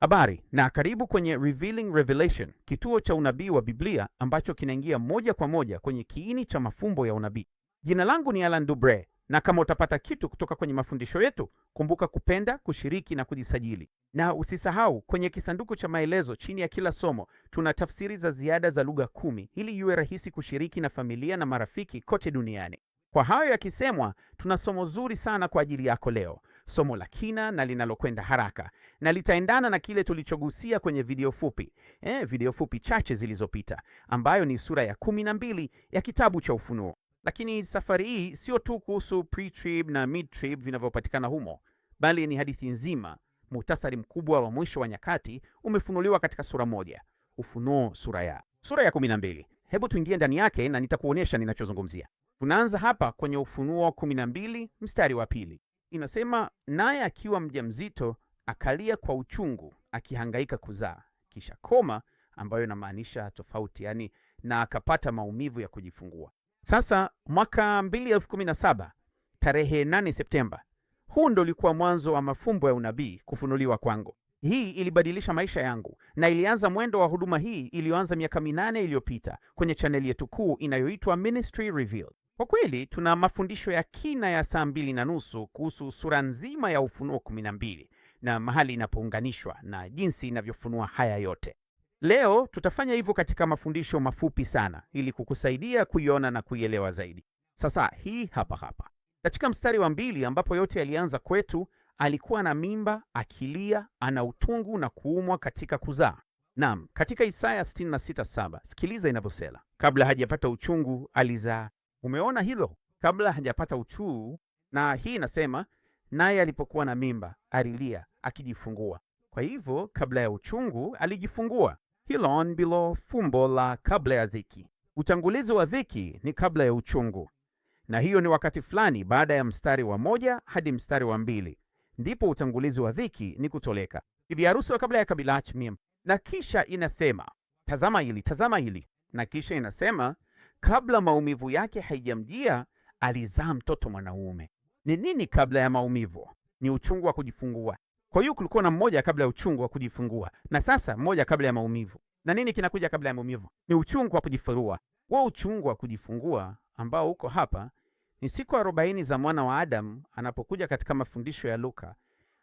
Habari na karibu kwenye Revealing Revelation, kituo cha unabii wa Biblia ambacho kinaingia moja kwa moja kwenye kiini cha mafumbo ya unabii. Jina langu ni Alan Dubre, na kama utapata kitu kutoka kwenye mafundisho yetu, kumbuka kupenda, kushiriki na kujisajili, na usisahau kwenye kisanduku cha maelezo chini ya kila somo tuna tafsiri za ziada za lugha kumi ili iwe rahisi kushiriki na familia na marafiki kote duniani. Kwa hayo yakisemwa, tuna somo zuri sana kwa ajili yako leo somo la kina na linalokwenda haraka na litaendana na kile tulichogusia kwenye video fupi eh, video fupi chache zilizopita ambayo ni sura ya kumi na mbili ya kitabu cha Ufunuo. Lakini safari hii sio tu kuhusu pre-trib na mid-trib vinavyopatikana humo, bali ni hadithi nzima. Muhtasari mkubwa wa mwisho wa nyakati umefunuliwa katika sura moja, Ufunuo sura ya sura ya kumi na mbili. Hebu tuingie ndani yake na nitakuonyesha ninachozungumzia. Tunaanza hapa kwenye Ufunuo kumi na mbili mstari wa pili inasema naye akiwa mja mzito akalia kwa uchungu akihangaika kuzaa, kisha koma, ambayo inamaanisha tofauti, yani na akapata maumivu ya kujifungua. Sasa mwaka 2017 tarehe 8 Septemba, huu ndo ulikuwa mwanzo wa mafumbo ya unabii kufunuliwa kwangu. Hii ilibadilisha maisha yangu na ilianza mwendo wa huduma hii iliyoanza miaka minane iliyopita kwenye chaneli yetu kuu inayoitwa Ministry Revealed. Kwa kweli tuna mafundisho ya kina ya saa mbili na nusu kuhusu sura nzima ya Ufunuo kumi na mbili na mahali inapounganishwa na jinsi inavyofunua haya yote. Leo tutafanya hivyo katika mafundisho mafupi sana, ili kukusaidia kuiona na kuielewa zaidi. Sasa hii hapa hapa katika mstari wa mbili ambapo yote yalianza kwetu, alikuwa na mimba akilia, ana utungu na kuumwa katika kuzaa. Naam, katika Isaya 66:7 sikiliza inavyosema: kabla hajapata uchungu alizaa, Umeona hilo, kabla hajapata uchuu. Na hii inasema naye alipokuwa na mimba alilia akijifungua. Kwa hivyo kabla ya uchungu alijifungua. Hilo ndilo fumbo la kabla ya dhiki. Utangulizi wa dhiki ni kabla ya uchungu, na hiyo ni wakati fulani baada ya mstari wa moja hadi mstari wa mbili ndipo utangulizi wa dhiki ni kutoleka. Bibi harusi wa kabla ya kabila achmim. Na kisha inasema tazama hili, tazama hili, na kisha inasema Kabla maumivu yake haijamjia, alizaa mtoto mwanaume. Ni nini kabla ya maumivu? Ni uchungu wa kujifungua. Kwa hiyo kulikuwa na mmoja kabla ya uchungu wa kujifungua, na sasa mmoja kabla ya maumivu. Na nini kinakuja kabla ya maumivu? Ni uchungu wa kujifurua. Huo uchungu wa kujifungua ambao uko hapa ni siku arobaini za mwana wa Adamu anapokuja katika mafundisho ya Luka,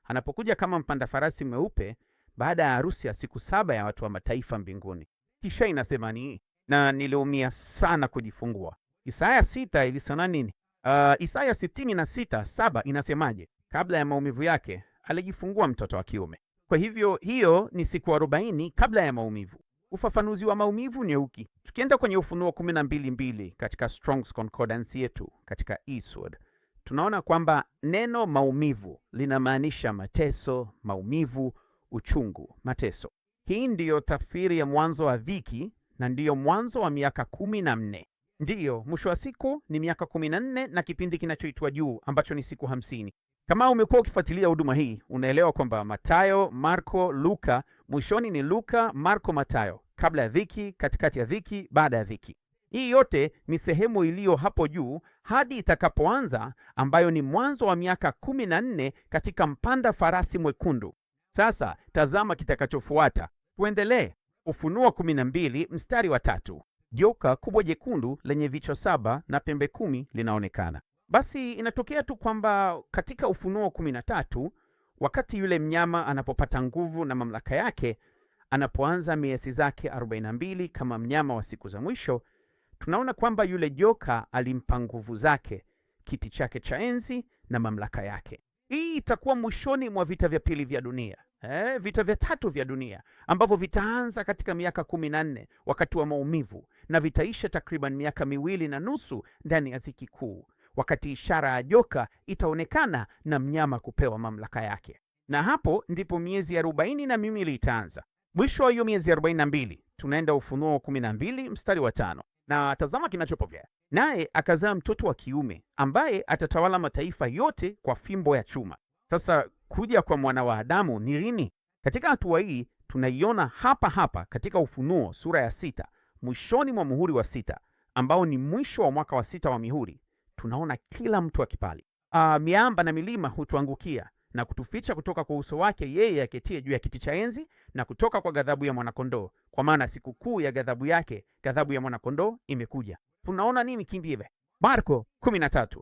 anapokuja kama mpanda farasi mweupe baada ya harusi ya siku saba ya watu wa mataifa mbinguni. Kisha inasema nini? na niliumia sana kujifungua. Isaya sita ilisema nini? Uh, Isaya sitini na sita saba inasemaje? Kabla ya maumivu yake alijifungua mtoto wa kiume. Kwa hivyo hiyo ni siku arobaini kabla ya maumivu. Ufafanuzi wa maumivu ni uki, tukienda kwenye Ufunuo kumi na mbili mbili katika Strong's Concordance yetu katika Eastwood, tunaona kwamba neno maumivu linamaanisha mateso, maumivu, uchungu, mateso. Hii ndiyo tafsiri ya mwanzo wa dhiki na ndiyo mwanzo wa miaka kumi na nne ndiyo mwisho wa siku ni miaka kumi na nne na kipindi kinachoitwa juu ambacho ni siku hamsini kama umekuwa ukifuatilia huduma hii unaelewa kwamba matayo marko luka mwishoni ni luka marko matayo kabla ya dhiki katikati ya dhiki baada ya dhiki hii yote ni sehemu iliyo hapo juu hadi itakapoanza ambayo ni mwanzo wa miaka kumi na nne katika mpanda farasi mwekundu sasa tazama kitakachofuata tuendelee Ufunuo kumi na mbili mstari wa tatu joka kubwa jekundu lenye vichwa saba na pembe kumi linaonekana. Basi inatokea tu kwamba katika Ufunuo kumi na tatu wakati yule mnyama anapopata nguvu na mamlaka yake, anapoanza miezi zake 42 kama mnyama wa siku za mwisho, tunaona kwamba yule joka alimpa nguvu zake, kiti chake cha enzi na mamlaka yake. Hii itakuwa mwishoni mwa vita vya pili vya dunia eh, vita vya tatu vya dunia ambavyo vitaanza katika miaka kumi na nne wakati wa maumivu na vitaisha takriban miaka miwili na nusu ndani ya dhiki kuu, wakati ishara ya joka itaonekana na mnyama kupewa mamlaka yake, na hapo ndipo miezi arobaini na miwili itaanza. Mwisho wa hiyo miezi arobaini na mbili tunaenda Ufunuo kumi na mbili mstari wa tano na tazama kinachopokea naye akazaa mtoto wa kiume ambaye atatawala mataifa yote kwa fimbo ya chuma. Sasa kuja kwa mwana wa Adamu ni lini? Katika hatua hii tunaiona hapa hapa katika Ufunuo sura ya sita mwishoni mwa muhuri wa sita ambao ni mwisho wa mwaka wa sita wa mihuri. Tunaona kila mtu akipali ah, miamba na milima hutuangukia na kutuficha kutoka kwa uso wake yeye aketie juu ya kiti cha enzi na kutoka kwa ghadhabu ya mwanakondoo, kwa maana sikukuu ya ghadhabu yake, ghadhabu ya mwanakondoo imekuja. Tunaona nini kimbive? Marko 13.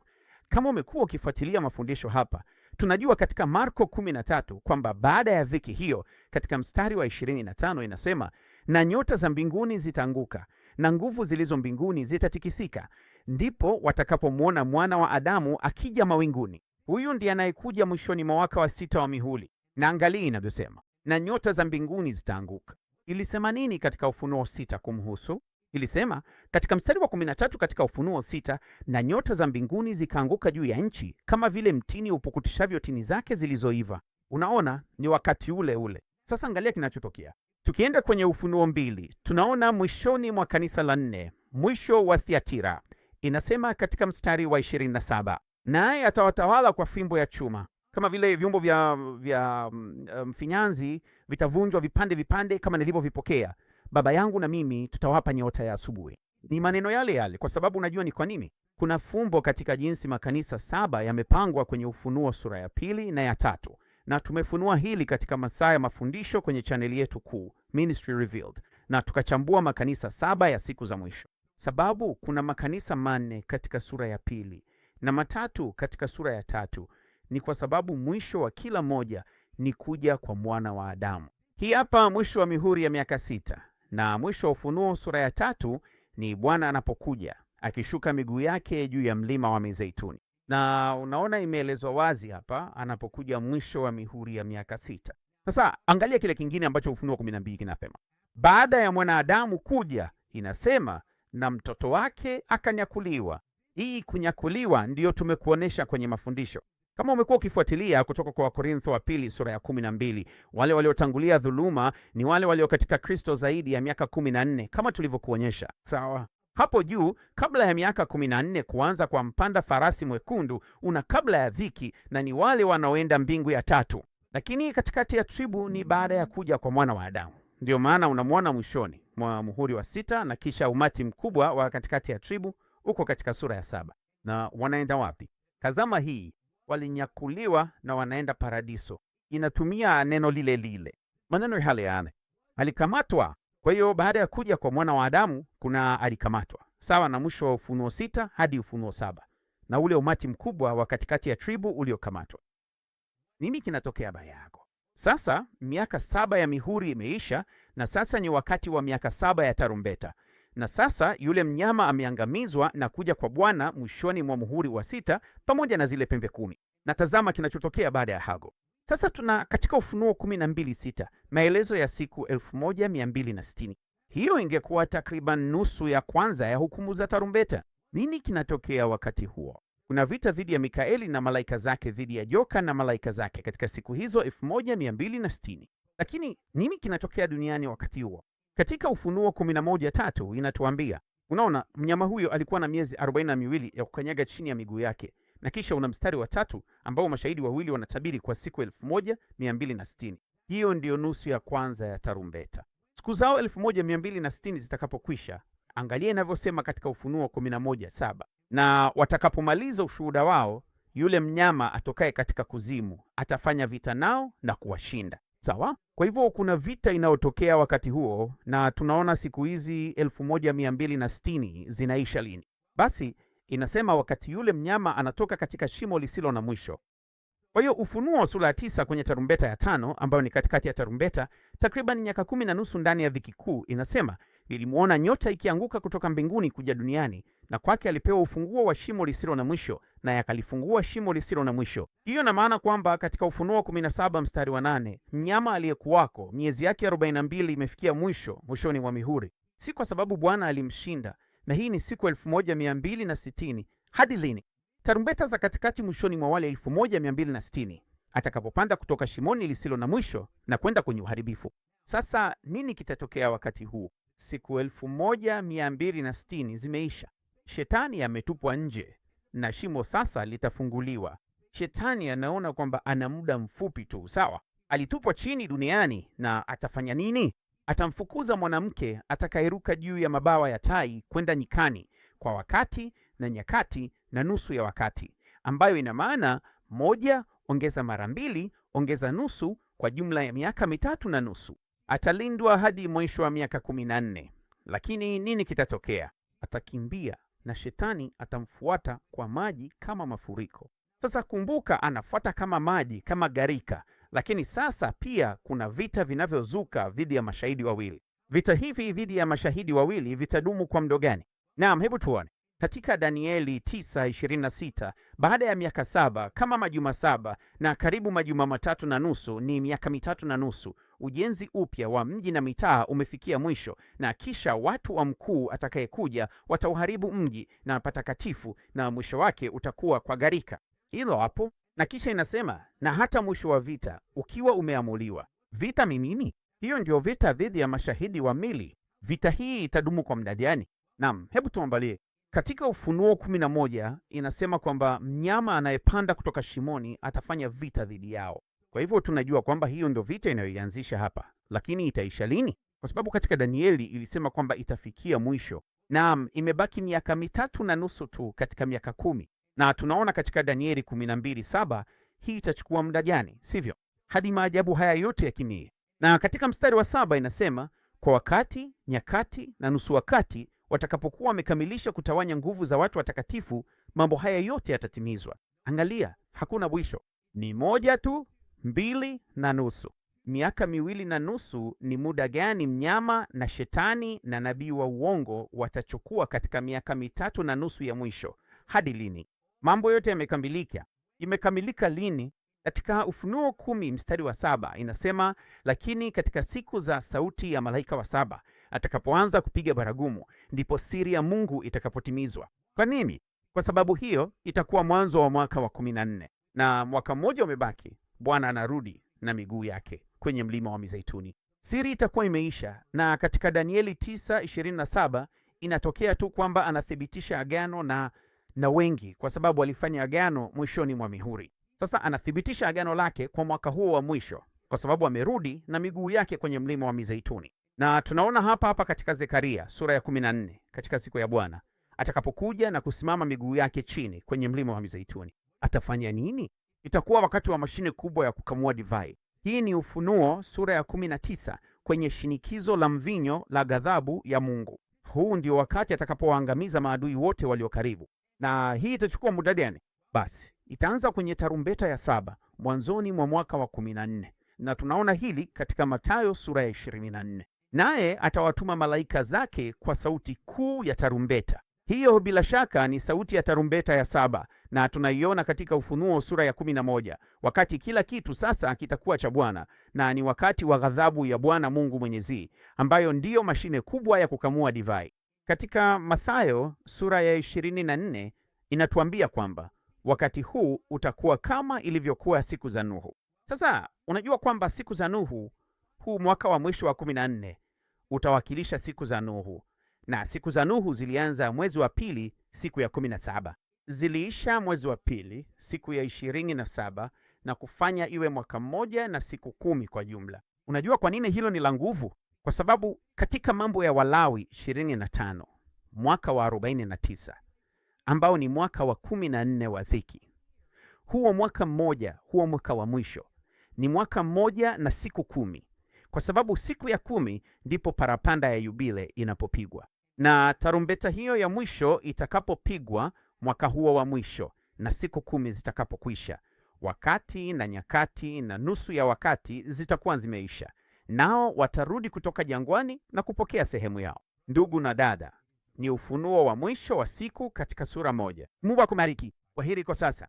Kama umekuwa ukifuatilia mafundisho hapa, tunajua katika Marko 13 kwamba baada ya dhiki hiyo, katika mstari wa 25 inasema, na nyota za mbinguni zitaanguka na nguvu zilizo mbinguni zitatikisika, ndipo watakapomwona mwana wa Adamu akija mawinguni. Huyu ndiye anayekuja mwishoni mwa waka wa sita wa mihuli, na angalii inavyosema na nyota za mbinguni zitaanguka. Ilisema nini katika Ufunuo sita kumhusu? Ilisema katika mstari wa kumi na tatu katika Ufunuo sita, na nyota za mbinguni zikaanguka juu ya nchi kama vile mtini upukutishavyo tini zake zilizoiva. Unaona, ni wakati ule ule. Sasa angalia kinachotokea. Tukienda kwenye Ufunuo mbili, tunaona mwishoni mwa kanisa la nne, mwisho wa Thiatira, inasema katika mstari wa 27, naye atawatawala kwa fimbo ya chuma kama vile vyombo vya, vya um, vitavunjwa vipande vipande kama nilivyovipokea, Baba yangu na mimi tutawapa nyota ya asubuhi. Ni maneno yale yale, kwa sababu unajua ni kwa nini. Kuna fumbo katika jinsi makanisa saba yamepangwa kwenye Ufunuo sura ya pili na ya tatu, na tumefunua hili katika masaa ya mafundisho kwenye chaneli yetu kuu Ministry Revealed, na tukachambua makanisa saba ya siku za mwisho, sababu kuna makanisa manne katika sura ya pili na matatu katika sura ya tatu ni kwa sababu mwisho wa kila moja ni kuja kwa mwana wa Adamu. Hii hapa mwisho wa mihuri ya miaka sita, na mwisho wa Ufunuo sura ya tatu ni Bwana anapokuja akishuka miguu yake juu ya mlima wa Mizeituni, na unaona imeelezwa wazi hapa anapokuja mwisho wa mihuri ya miaka sita. Sasa angalia kile kingine ambacho Ufunuo kumi na mbili kinasema baada ya mwanadamu kuja, inasema na mtoto wake akanyakuliwa. Hii kunyakuliwa ndiyo tumekuonesha kwenye mafundisho kama umekuwa ukifuatilia kutoka kwa Wakorintho wa pili sura ya kumi na mbili, wale waliotangulia dhuluma ni wale walio katika Kristo zaidi ya miaka kumi na nne kama tulivyokuonyesha, sawa? Hapo juu kabla ya miaka kumi na nne kuanza kwa mpanda farasi mwekundu una kabla ya dhiki na ni wale wanaoenda mbingu ya tatu, lakini katikati ya tribu ni baada ya kuja kwa mwana wa Adamu. ndio maana unamwona mwishoni mwa muhuri wa sita na kisha umati mkubwa wa katikati ya tribu uko katika sura ya saba. Na wanaenda wapi? Tazama hii walinyakuliwa na wanaenda paradiso. Inatumia neno lile lile, maneno yale yale, alikamatwa. Kwa hiyo baada ya kuja kwa mwana wa Adamu kuna alikamatwa, sawa na mwisho wa Ufunuo sita hadi Ufunuo saba na ule umati mkubwa wa katikati ya tribu uliokamatwa. Nini kinatokea baada yako? Sasa miaka saba ya mihuri imeisha, na sasa ni wakati wa miaka saba ya tarumbeta. Na sasa yule mnyama ameangamizwa na kuja kwa Bwana mwishoni mwa muhuri wa sita pamoja na zile pembe kumi. Na tazama kinachotokea baada ya Hago. Sasa tuna katika Ufunuo kumi na mbili sita maelezo ya siku elfu moja mia mbili na sitini. Hiyo ingekuwa takriban nusu ya kwanza ya hukumu za tarumbeta. Nini kinatokea wakati huo? Kuna vita dhidi ya Mikaeli na malaika zake dhidi ya joka na malaika zake katika siku hizo elfu moja mia mbili na sitini. Lakini nini kinatokea duniani wakati huo? Katika Ufunuo kumi na moja tatu inatuambia, unaona mnyama huyo alikuwa na miezi arobaini na miwili ya kukanyaga chini ya miguu yake, na kisha una mstari wa tatu ambao mashahidi wawili wanatabiri kwa siku elfu moja mia mbili na sitini. Hiyo ndiyo nusu ya kwanza ya tarumbeta. Siku zao elfu moja mia mbili na sitini zitakapokwisha, angalia inavyosema katika Ufunuo kumi na moja saba na watakapomaliza ushuhuda wao, yule mnyama atokaye katika kuzimu atafanya vita nao na kuwashinda sawa. Kwa hivyo kuna vita inayotokea wakati huo, na tunaona siku hizi elfu moja mia mbili na sitini zinaisha lini? Basi inasema wakati yule mnyama anatoka katika shimo lisilo na mwisho. Kwa hiyo Ufunuo wa sura ya tisa kwenye tarumbeta ya tano ambayo ni katikati ya tarumbeta, takriban nyaka kumi na nusu ndani ya dhiki kuu, inasema ilimwona nyota ikianguka kutoka mbinguni kuja duniani, na kwake alipewa ufunguo wa shimo lisilo na mwisho, naye akalifungua shimo lisilo na mwisho. Hiyo na maana kwamba katika Ufunuo 17 mstari wa nane, mnyama aliyekuwako miezi yake 42 imefikia mwisho mwishoni mwa mihuri, si kwa sababu Bwana alimshinda, na hii ni siku elfu Hadi lini? Tarumbeta za katikati mwishoni mwa wale elfu atakapopanda kutoka shimoni lisilo na mwisho na kwenda kwenye uharibifu. Sasa nini kitatokea wakati huu? siku elfu moja mia mbili na sitini zimeisha. Shetani ametupwa nje na shimo sasa litafunguliwa. Shetani anaona kwamba ana muda mfupi tu, sawa. Alitupwa chini duniani na atafanya nini? Atamfukuza mwanamke atakayeruka juu ya mabawa ya tai kwenda nyikani kwa wakati na nyakati na nusu ya wakati, ambayo ina maana moja ongeza mara mbili ongeza nusu, kwa jumla ya miaka mitatu na nusu atalindwa hadi mwisho wa miaka kumi na nne. Lakini nini kitatokea? Atakimbia na shetani atamfuata kwa maji kama mafuriko. Sasa kumbuka, anafuata kama maji, kama garika Lakini sasa pia kuna vita vinavyozuka dhidi ya mashahidi wawili. Vita hivi dhidi ya mashahidi wawili vitadumu kwa mdo gani? Naam, hebu tuone katika Danieli 9:26 baada ya miaka saba kama majuma saba na karibu majuma matatu na nusu, ni miaka mitatu na nusu, ujenzi upya wa mji na mitaa umefikia mwisho, na kisha watu wa mkuu atakayekuja watauharibu mji na patakatifu, na mwisho wake utakuwa kwa gharika. Hilo hapo. Na kisha inasema na hata mwisho wa vita ukiwa umeamuliwa. Vita ni nini? Hiyo ndio vita dhidi ya mashahidi wa mili. Vita hii itadumu kwa muda gani? Naam, hebu tuambalie katika Ufunuo kumi na moja inasema kwamba mnyama anayepanda kutoka shimoni atafanya vita dhidi yao. Kwa hivyo tunajua kwamba hiyo ndio vita inayoianzisha hapa, lakini itaisha lini? Kwa sababu katika Danieli ilisema kwamba itafikia mwisho. nam imebaki miaka mitatu na nusu tu katika miaka kumi, na tunaona katika Danieli kumi na mbili saba hii itachukua muda gani, sivyo? Hadi maajabu haya yote yakimie. Na katika mstari wa saba inasema kwa wakati, nyakati na nusu wakati watakapokuwa wamekamilisha kutawanya nguvu za watu watakatifu, mambo haya yote yatatimizwa. Angalia, hakuna mwisho, ni moja tu mbili na nusu. Miaka miwili na nusu ni muda gani mnyama na shetani na nabii wa uongo watachukua katika miaka mitatu na nusu ya mwisho? Hadi lini? Mambo yote yamekamilika. Imekamilika lini? Katika Ufunuo kumi mstari wa saba inasema, lakini katika siku za sauti ya malaika wa saba atakapoanza kupiga baragumu, ndipo siri ya Mungu itakapotimizwa. Kwa nini? Kwa sababu hiyo itakuwa mwanzo wa mwaka wa kumi na nne na mwaka mmoja umebaki. Bwana anarudi na miguu yake kwenye mlima wa Mizeituni. Siri itakuwa imeisha, na katika Danieli 927 inatokea tu kwamba anathibitisha agano na na wengi, kwa sababu alifanya agano mwishoni mwa mihuri. Sasa anathibitisha agano lake kwa mwaka huo wa mwisho, kwa sababu amerudi na miguu yake kwenye mlima wa Mizeituni, na tunaona hapa hapa katika Zekaria sura ya 14 katika siku ya Bwana atakapokuja na kusimama miguu yake chini kwenye mlima wa Mizeituni atafanya nini? Itakuwa wakati wa mashine kubwa ya kukamua divai. Hii ni Ufunuo sura ya kumi na tisa kwenye shinikizo la mvinyo la ghadhabu ya Mungu. Huu ndio wakati atakapowaangamiza maadui wote walio karibu. Na hii itachukua muda gani? Basi itaanza kwenye tarumbeta ya saba mwanzoni mwa mwaka wa kumi na nne na tunaona hili katika matayo sura ya ishirini na nne. Naye atawatuma malaika zake kwa sauti kuu ya tarumbeta. Hiyo bila shaka ni sauti ya tarumbeta ya saba na tunaiona katika Ufunuo sura ya kumi na moja, wakati kila kitu sasa kitakuwa cha Bwana na ni wakati wa ghadhabu ya Bwana Mungu Mwenyezi, ambayo ndiyo mashine kubwa ya kukamua divai. Katika Mathayo sura ya ishirini na nne inatuambia kwamba wakati huu utakuwa kama ilivyokuwa siku za Nuhu. Sasa unajua kwamba siku za Nuhu, huu mwaka wa mwisho wa kumi na nne utawakilisha siku za Nuhu, na siku za Nuhu zilianza mwezi wa pili siku ya kumi na saba. Ziliisha mwezi wa pili siku ya ishirini na saba na kufanya iwe mwaka mmoja na siku kumi kwa jumla. Unajua kwa nini hilo ni la nguvu? Kwa sababu katika Mambo ya Walawi ishirini na tano mwaka wa arobaini na tisa ambao ni mwaka wa kumi na nne wa dhiki, huo mwaka mmoja, huo mwaka wa mwisho ni mwaka mmoja na siku kumi, kwa sababu siku ya kumi ndipo parapanda ya yubile inapopigwa, na tarumbeta hiyo ya mwisho itakapopigwa mwaka huo wa mwisho na siku kumi zitakapokwisha, wakati na nyakati na nusu ya wakati zitakuwa zimeisha, nao watarudi kutoka jangwani na kupokea sehemu yao. Ndugu na dada, ni ufunuo wa mwisho wa siku katika sura moja. Mungu akubariki. Kwaheri kwa sasa.